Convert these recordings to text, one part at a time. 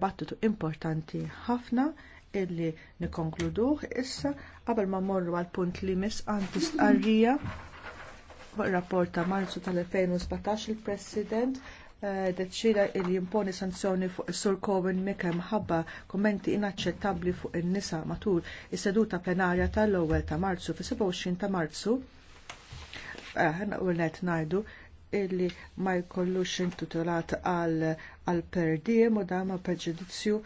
battitu importanti ħafna illi nikonkluduh issa qabel ma morru għal punt li mis għandu stqarrija rapport ta' Marzu tal-2017 il-President eh, deċida il jimponi sanzjoni fuq is-Sur Cohen Mika mħabba kummenti inaċċettabbli fuq in-nisa matul is-seduta plenarja tal-ewwel ta' Marzu fis-27 ta' Marzu. Uh, Ħanna ngħidu illi ma jkollux intitolat għal perdiem u dama preġudizzju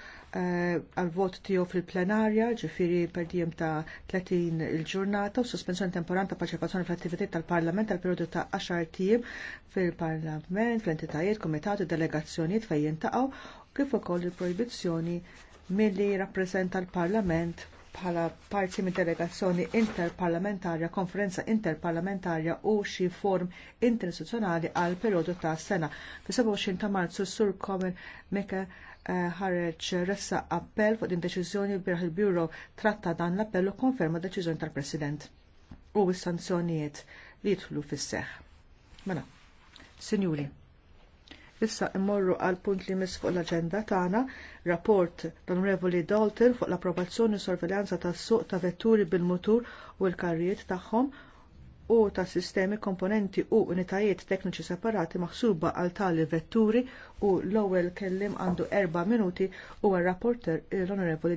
eh, għal vot tiegħu fil-plenarja, ġifieri perdiem ta' 30 il-ġurnata u sospensjoni temporan ta' parċipazzjoni fl attivitet tal-Parlament tal-perjodu ta' 10 tim fil-Parlament, fl-entitajiet, komitati, delegazzjonijiet fejn jintaqgħu kif ukoll il-projbizzjoni milli rappreżenta l-Parlament bħala parti minn delegazzjoni interparlamentarja, konferenza interparlamentarja u xi form interistituzzjonali għal perjodu ta' sena. Fi 27 ta' Marzu sur Komen Meke eh, ħareġ ressa appell fuq din deċiżjoni biraħ il-Bjuro tratta dan l-appell u konferma deċiżjoni tal-President u s-sanzjonijiet li jidħlu fis-seħħ. Mela, Sinjuri. Issa immorru għal punt li mis fuq l-agenda tagħna rapport l-Onorevoli Dalton fuq l-approvazzjoni sorveljanza tas-suq ta' vetturi bil-mutur u l-karrijiet tagħhom u ta' sistemi komponenti u unitajiet tekniċi separati maħsuba għal tali vetturi u l-ewwel kellim għandu erba' minuti u għal rapporter l-Onorevoli